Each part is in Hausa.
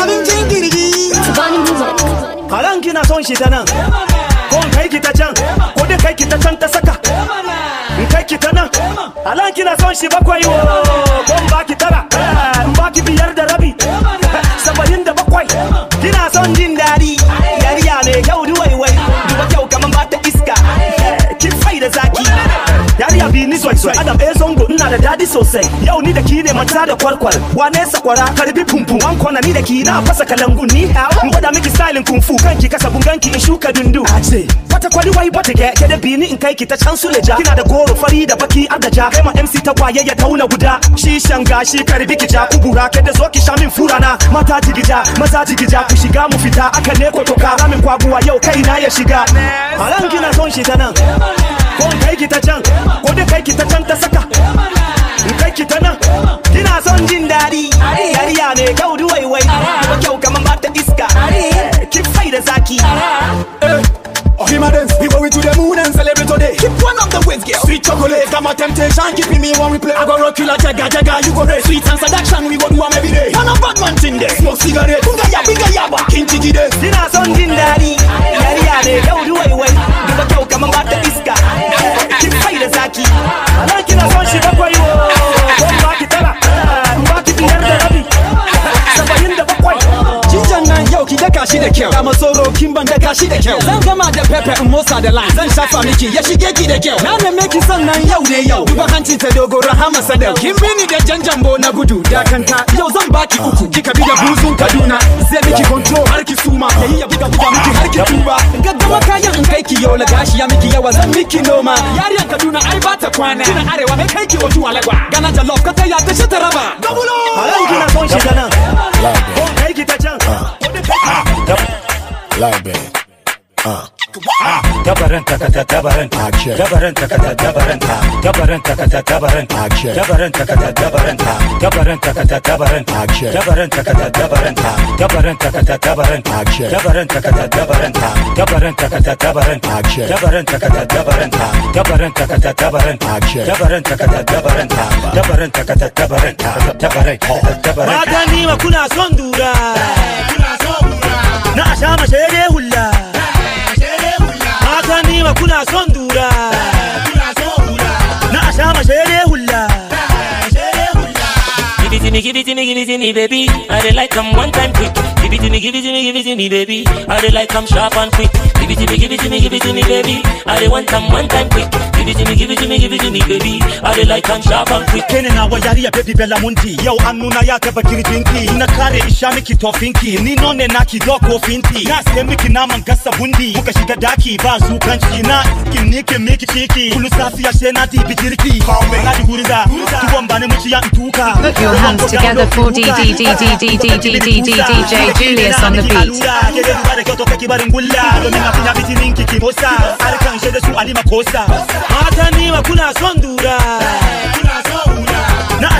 abincin kirgi karan kina son shi ta nan ko kai can ko dai kai can ta saka kai nan alan kina son shi bakwai ko tara in biyar da rabi da bakwai kina son jin daɗi yariya mai kyau duwaiwai duba kyau ba ta iska kin fai da zaki yariya bi ni soy soy adam eh zongo ina da dadi sosai yau ni da ki ne mata da kwarkwal wane sakwara karbi pumpu wan kona ni da ki na fasa kalangun ni in gwada miki styling kung fu kanki kasa bunganki in shuka dundu ace wata kwali wai bata ke kede bi bini in kai ki ta can suleja kina da goro fari da baki adaja kai MC ta ya tauna guda shi shanga shi karbi ki ja kubura kede zo ki sha min furana mata jigija maza jigija ku shiga mu fita aka ne kotoka ramin kwaguwa yau kai na ya shiga a zon kina son shi ta ko in kai ki ta can ko da kai ki ta can ta saka in kai ki ta nan kina son jin daɗi yariya ne kau da waiwai ba kyau kamar ba ta iska ki fai da zaki eh. Oh, him and we go to the moon and celebrate today. Keep one of the ways, girl. Sweet chocolate, come on, temptation, keep me when we play. I go rock you like jaga jaga, you go race. Sweet and seduction, we go do them every day. Man of bad man, Tinder. Smoke cigarette, kunga ya, biga ya, ba. Kinchi gide. Dinner, son, gin daddy. daka da kyau da matsoro kin ban daka da kyau zan gama da pepe in motsa da line zan shafa miki ya shige ki da kyau na neme ki sannan yau ne yau duba hancin ta dogo rahama sadau kin bini da jan jambo na gudu da kanta yau zan baki uku kika bi da buzu kaduna zai miki control har ki suma yayi ya buga buga miki har tuba gaggawa kayan in kai ki yau la gashi ya miki yawa zan miki noma yariyan kaduna ai ba ta kwana kina arewa mai kai ki wato alagwa gana jalof ka ta ya ta shi ta raba gabulo a kina son shi da kai ta can ah. live Uh. Dabaran takata dabaran dabaran takata dabaran dabaran takata dabaran dabaran takata dabaran dabaran takata dabaran dabaran takata dabaran dabaran takata dabaran dabaran takata dabaran dabaran takata dabaran dabaran takata dabaran dabaran takata dabaran dabaran takata dabaran dabaran takata dabaran dabaran magani wa kuna son dura na a sha mashere hula mata nima kuna son dura na a sha mashere hula me, give it to me, give it to me, baby. I they like i one time quick. Give it to me, give it to me, give it to me, baby. I they like i sharp and quick. Give it to me, give it to me, give it to me, baby. I they want i one time quick. Give it to me, give it to me, give it to me, baby. I they like i sharp and quick. Kene na wayari ya baby bella munti. Yo na ya teba kiritinki. Ina kare ishani kitofinki. Ni none na kidoko finti. Na semi kinama ngasa bundi. Muka shiga daki na zukan china. Kinike miki chiki. Kulusasi ya shenati bijiriki. Kawe. Ngadi huriza. Tuwa mbane mchi ya ntuka. Put your hands together for DDDDDDDDDDJ Julius on the beat. Na ashama kuna son Na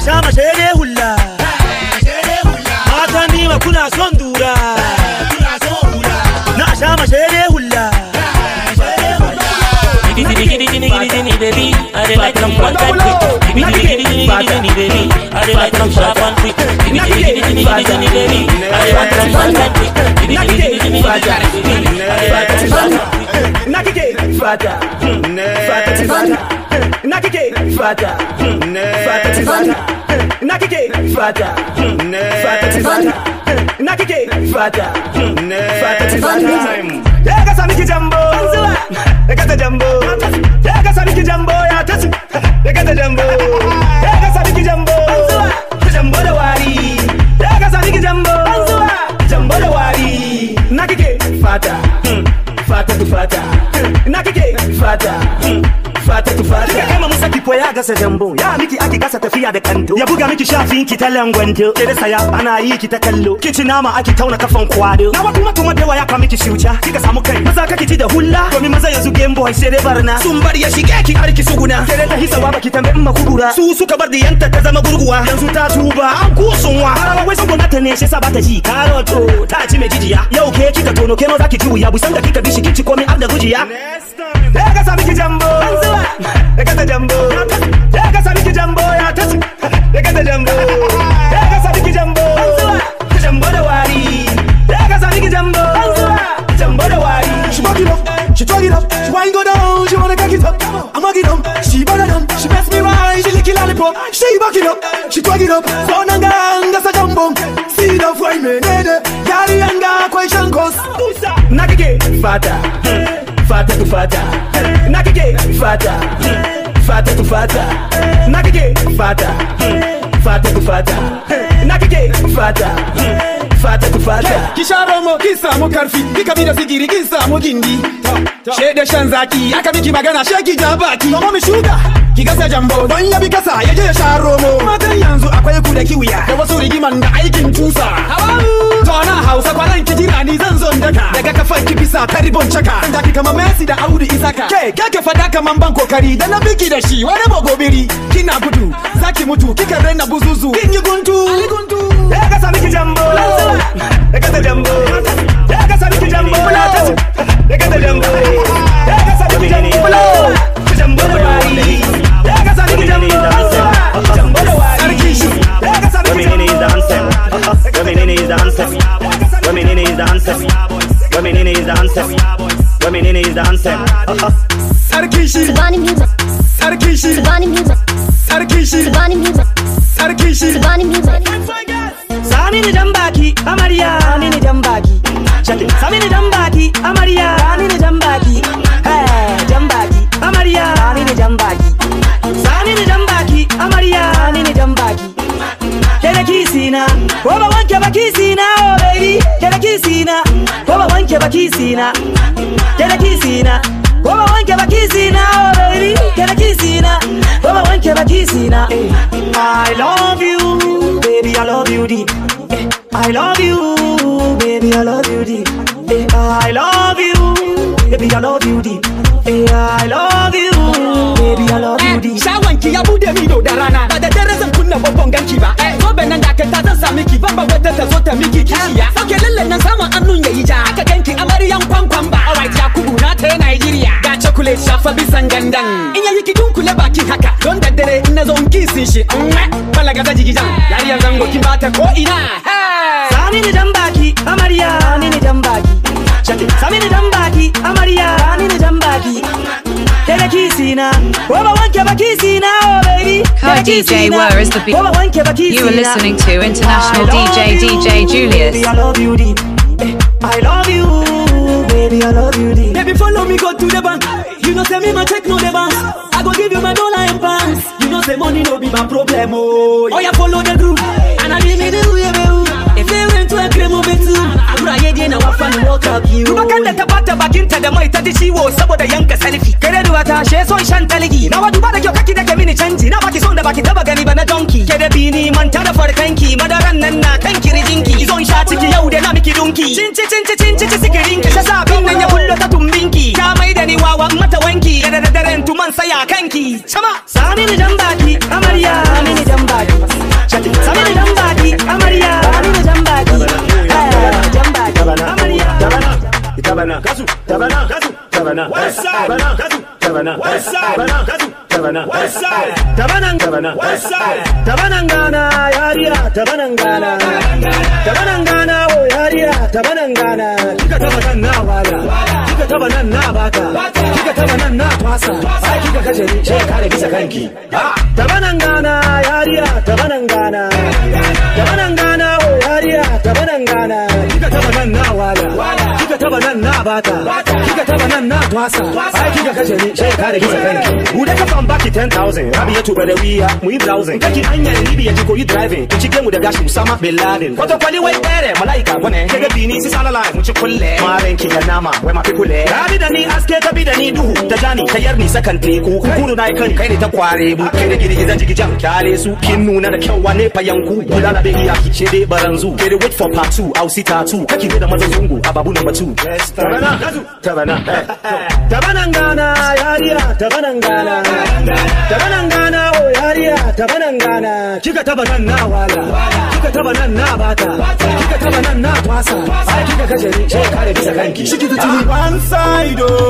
ashama shere hulla giddy baby. I dey like them one time quick. Give me giddy giddy giddy baby. I dey like them sharp and quick. Give me giddy giddy giddy baby. I dey like them one time quick. Give me giddy giddy giddy baby. I dey like them one time quick. Nakike fata, fata tifana. Nakike fata, fata tifana. Nakike fata, fata tifana. Nakike fata, fata tifana. Daga sami kijambo, daga tajambo. daga jambo daga sa miki jambo ta jambo da wari daga sa miki jambo jambo da wari na kike fata hmm. fata tu fata hmm. na kike fata hmm. fata tu fata ko ya gasa zambo ya miki aki gasa tafiya da kanto ya buga miki shafin ki ta langwando kire saya ana yi ki ta kallo ci nama aki tauna kafan kwado na wata kuma da ka miki ki kika samu kai maza ki ci da hulla domin maza yanzu game boy sai dai barna sun bar ya shige ki arki suguna sai dai ta hisawa baki tambe in makudura su suka bar diyanta ta zama gurguwa yanzu ta tuba an wa. arawa wai saboda ta ne shi sa bata ji karoto ta ci mai jijiya yau ke kika tono keno ki ji wuya busan da kika bi shi kici komai abda gujiya Hey, I got some jambo. Look at the jumbo. Daga sadiki jumbo ya tasu. Look at the jumbo. Daga sadiki jumbo. Jumbo da wari. Daga sadiki jumbo. Jumbo da wari. She buck it up. She turn it up. She wine go down. She wanna cock it up. I'm it up. She burn it up. She mess me right. She lick it lollipop. She buck it up. She twag it up. Son and gang. That's a jumbo. See the fry me. Yari anga kwa shankos. Nakike. Fata. Fata to fata. Hey. nakike fata fata tu fata. nakike fata fata tu fata. nakike fata fata tufata kisharomo kisa mukarfi kikabira sigirigisa mugindi shede shanzaki akabiki magana sheki jabaki nomo mishuga kigasa jambo don ya bikasa yaje sharomo matan yanzu akwai kuda kiwiya da wasu rigiman da aikin tusa habaru tona hausa kwanan ki jira ni zan zon daka daga kafar ki bisa ta ribon caka Messi da Audu Isaka ke kake fada kaman ban kokari da na biki da shi wani bagobiri kina gudu zaki mutu kika raina buzuzu kin yi guntu ali guntu ya ka sami ki jambo ya ka ta jambo ya ka sami ki jambo ya ka jambo sami ki jambo jambo da Women in is the answer. Women in is the answer. Women in is the answer. Women in is the answer. Sarkishi. Sarkishi. Sarkishi. Sarkishi. Sami ni jambaki, Amaria. Sami ni jambaki. Sami ni jambaki, Amaria. Sami ni jambaki. Hey, jambaki, Amaria. Sami ni jambaki. Sami ni jambaki, Amaria. Sami ni jambaki. Kere kisina, ko ba bakisina oh baby kera kisina baba wanke bakisina kera kisina baba wanke bakisina oh baby kera kisina baba wanke bakisina I love you baby I love you deep I love you baby I love you deep I love you baby I love you deep I love you baby I love you deep shawanki ya bude mi do darana ba da dare zan kunna babban ganki zobe nan da ta zan sami ki babba wadda ta zo ta miki kishiya sauke lalle nan samun annun yayi ja aka ganki amaryan kwankwan ba alright yakubu na ta Nigeria ga chocolate shafa bisan gandan in yayi ki dunkule baki haka don daddare ina nazo in kisin shi balaga ta jigi jan yariyar zango ki bata ko ina sani ni dan baki amarya sani ni dan baki sani ni dan baki amarya sani ni dan baki bakisi na Woba oh baby Kai DJ Were is the beat You are listening to international DJ you, DJ Julius Baby I love you deep eh, I love you Baby I love you deep Baby follow me go to the bank You know send me my check no the bank I go give you my dollar and pounds You know say money no be my problem oh Oh yeah follow the group And I give me the way oh. If they went to a creme over too daina wafan moka biyu tubakan da ta bata bakinta da mai ta ji ciwo saboda yanka salfi kare ruwa ta she son shan talgi na duba da kyau kaki da mini canji na baki son da baki taba gani ba na donki ke da bini man tara farkanki madaran nan na kan kirjinki zon sha ciki yau da na miki dunki cinci cinci cinci ci sikirinki ta sa abin nan ya kullo ta tumbinki ta mai da ni wawan mata wanki da da daren tuman saya kanki sama sami ni dan baki Gazu, Tabana, Gazu, Tabana, West Side, Tabana, Gazu, Tabana, West Side, Tabana, Gazu, Tabana, West Side, Tabanan, Tabana, West Side, Gana, Yariya, Tabanan Gana, Tabanan Gana, oh Yariya, Tabanan Gana, kika tabanan na wala, kika tabanan na baka, kika tabanan na kwasa, sai kika kace ni ce kare bisa kanki. Tabanan Gana, Yariya, Tabanan Gana, Tabanan Gana, oh Yariya, Tabanan Gana, kika tabanan na wala, kika taba nan na bata kika taba nan na ai kika kace ni sai ka fan baki 10000 rabi ya tuba da wiya mu yi ji driving ki cike mu da gashi kwali wai dare malaika ke ga bini si sala live mu ci kulle maren ki nama wai ma fi kulle rabi da ni aske ka bi da ni duhu ta jani sakan teku kuru na kan kai ne ta kware da kyale su kin nuna da kyau wane bulala be iya dai baranzu ke da wait for part 2 au sita 2 da mazan zungu ababu su tabana kazu tabana eh. tabana ngana Tabana, tabana Tabana, tabana oh, Tabana, Tabana, Tabana, tabana Tabana, Tabana, tabana Tabana, Tabana, Tabana, tabana Tabana, Tabana, Tabana, tabana Tabana, Tabana, Tabana, Tabana, Tabana, ni she kare bisa kanki shiki to tini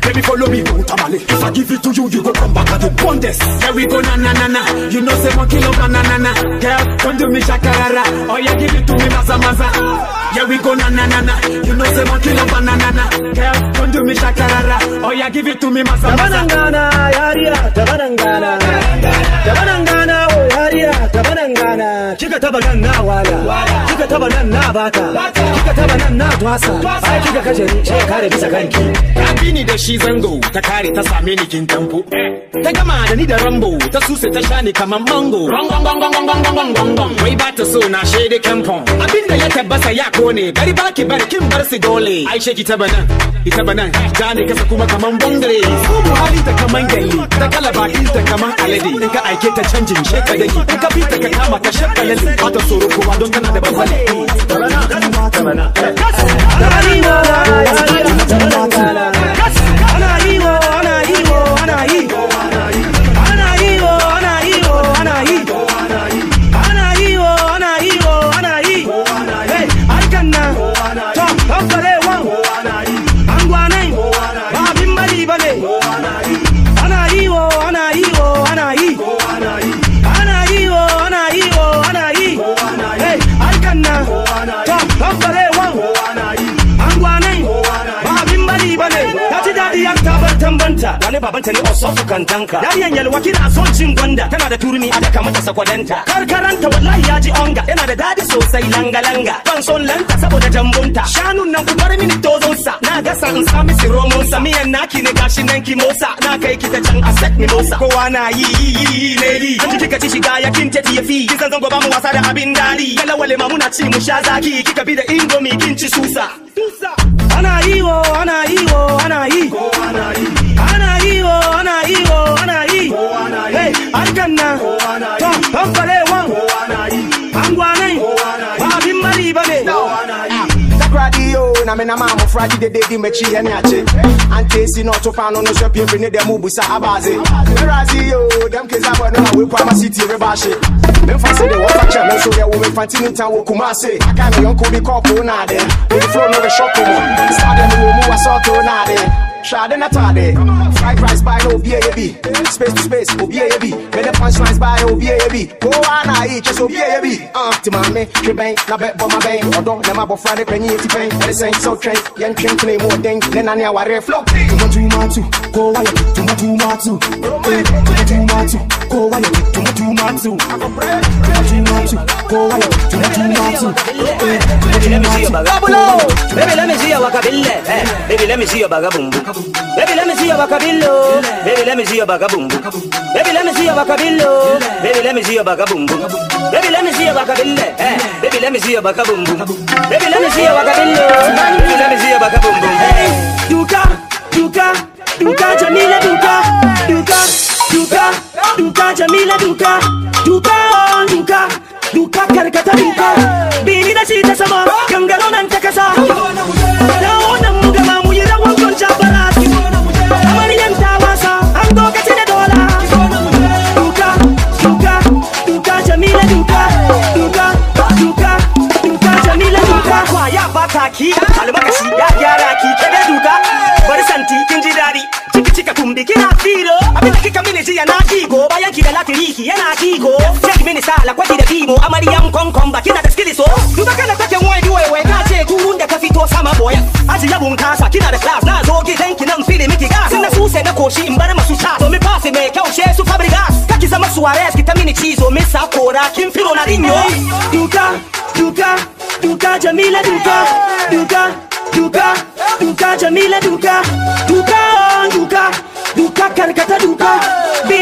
Baby, follow me, go tamale. If I give it to you, you go come back at the bondes. There we go, na na na na. You know, say one kilo, na na na na. Girl, to me shakarara Oh yeah, give it to me maza maza Yeah, we go na na na na You know say monkey love na na na Girl, come to me shakarara Oh yeah, give it to me maza maza Tabanangana, yariya, tabanangana Tabanangana Zaria gaba nan gana kika taba nan na wala kika taba nan na bata kika taba nan na twasa ai kika kare bisa kanki ka da shi zango ta kare ta same ni kin ta gama da ni da rambo ta suse ta shani kaman mango wai ba ta so na shede kamfon abinda ya tabbasa ya kone bari baki bari kin bar su dole ai she ki taba nan ita banan ta ne kasa kuma kaman bangare su buhari ta kaman galli ta kala baki ta kaman alade in ka aike ta canjin sheka dake Dekabita ka kama ka shakka lil suru kuwa don kana da bazali Tarana, tarana, tarana Ana yi wa, ana yi wa, ana yi wa ganta wale babanta ne osofu oh, kantanka yariyan yalwa kina son cin gwanda tana da turmi a daka mata sakwadanta karkaranta wallahi ya ji onga yana da dadi sosai langa langa ban son lanta saboda jambunta shanu nan ku bar mini tozonsa na gasa in sa misi miyan naki ne gashi nan ki motsa na kai ki ta can a set mi motsa kowa na yi yi yi yi ne yi an kika ci shiga ya kin tati ya fi kin san zango ba mu wasa da abin dali yalla wale ma muna ci mu sha zaki kika bi da indomi kin ci susa ana yi wo ana yi wo ana yi ko ana me na maamu fradi de de di mechi ya nyache ante si no to fa no no so pie ne dem busa abaze erazi yo dem ke za bono we kwa ma city we ba she me fa se de wo fa chem so ya wo me fanti ni tan wo kuma se aka me yonko bi ko ko na de we flow no we shock mo start dem wo mu wa so to na de shade na ah, tade Five rights by OBAB. Space to space, OBAB. Many punchlines by OBAB. Go on, I just OBAB. Uh, ah, to my man, Tribane, na bet for my bang. Or don't let my boy Friday penny to pain. The same so train, young train play more thing. Then I know I read flow. Too much, too much, go away. Too much, too much, too much, too much, go away. Too much, too much, too much, too much, go away. Too much, too much, too much, too much, go away. Baby, let me see your wakabille. Baby, let me see your bagabumbu. Baby, let me see your wakabille. bakabillo. Baby, let me see your bakaboombo. Baby, let me see your bakabillo. Baby, let me see your bakaboombo. Baby, let me see your bakabille. Eh, baby, let me see your bakaboombo. Baby, let me see your bakabillo. Baby, let me see your bakaboombo. Hey, duka, duka, duka, Jamila, duka, duka, duka, duka, Jamila, duka, duka, duka, duka, karikata duka. Bini na shi ta sama, gangaro nan ta kasa. Sisi yana kigo bayan la da ya yana kigo Take mini sala kwa kwaki da bimo ya konkomba kina da skills so Duba na take mwe wewe we kache gurun da ka fito sama boy Aji ya kasa kina da class na zogi gidan ki nan fili miki gas sina suse na koshi mbara bar masu sha Domin pass mai kyau she su Fabregas Kaki zama Suarez ki ta mini cizo misa kora kin na Ronaldinho Duka duka duka Jamila duka duka duka duka Jamila duka duka Duka kan kata duka Be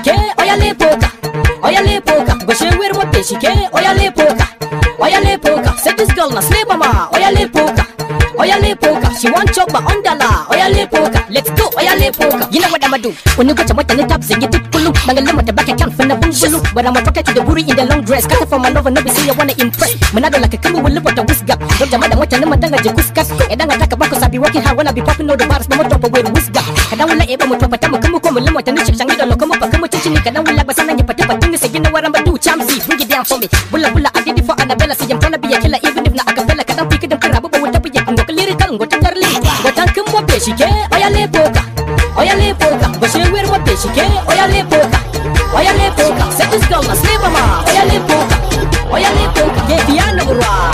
peshique, olha lepoca, olha lepoca, você o e r m ã o peshique, olha lepoca, olha lepoca, set this girl na slave mama, olha lepoca, olha lepoca, she want chopper on the la, olha lepoca. You know what I'ma do? When you got your wet and it top, and you dip kulu, mangala mo the back can't find the bungalow. But I'ma talk to the booty in the long dress. Cut for my lover, no be say I wanna impress. I Manado like a kamu will look at the whisk up. Don't jam the water, no mandanga the whisk up. And then I talk about cause I be walking hard when I be popping all the bars, no more drop away the whisk up. And I will let everyone drop a tamu, kamu come, come, and the chips and you don't know kamu, come kamu chichi nika, and I will like basana, you put up a thing, say you know what I'ma do, chamsi, bring it down for me. Bulla bulla, I did it for Annabella, see I'm trying to be a killer, even if not a capella, cause I'm picking them crap, but what up, you can go lyrical, go to Darling, go tank him, what she care, I lay poker. Oya Ojalá polka, başını verme peşike Ojalá polka, ojalá polka Sen kız kalma, slip ama Ojalá polka, ojalá polka Keyfiyen vurma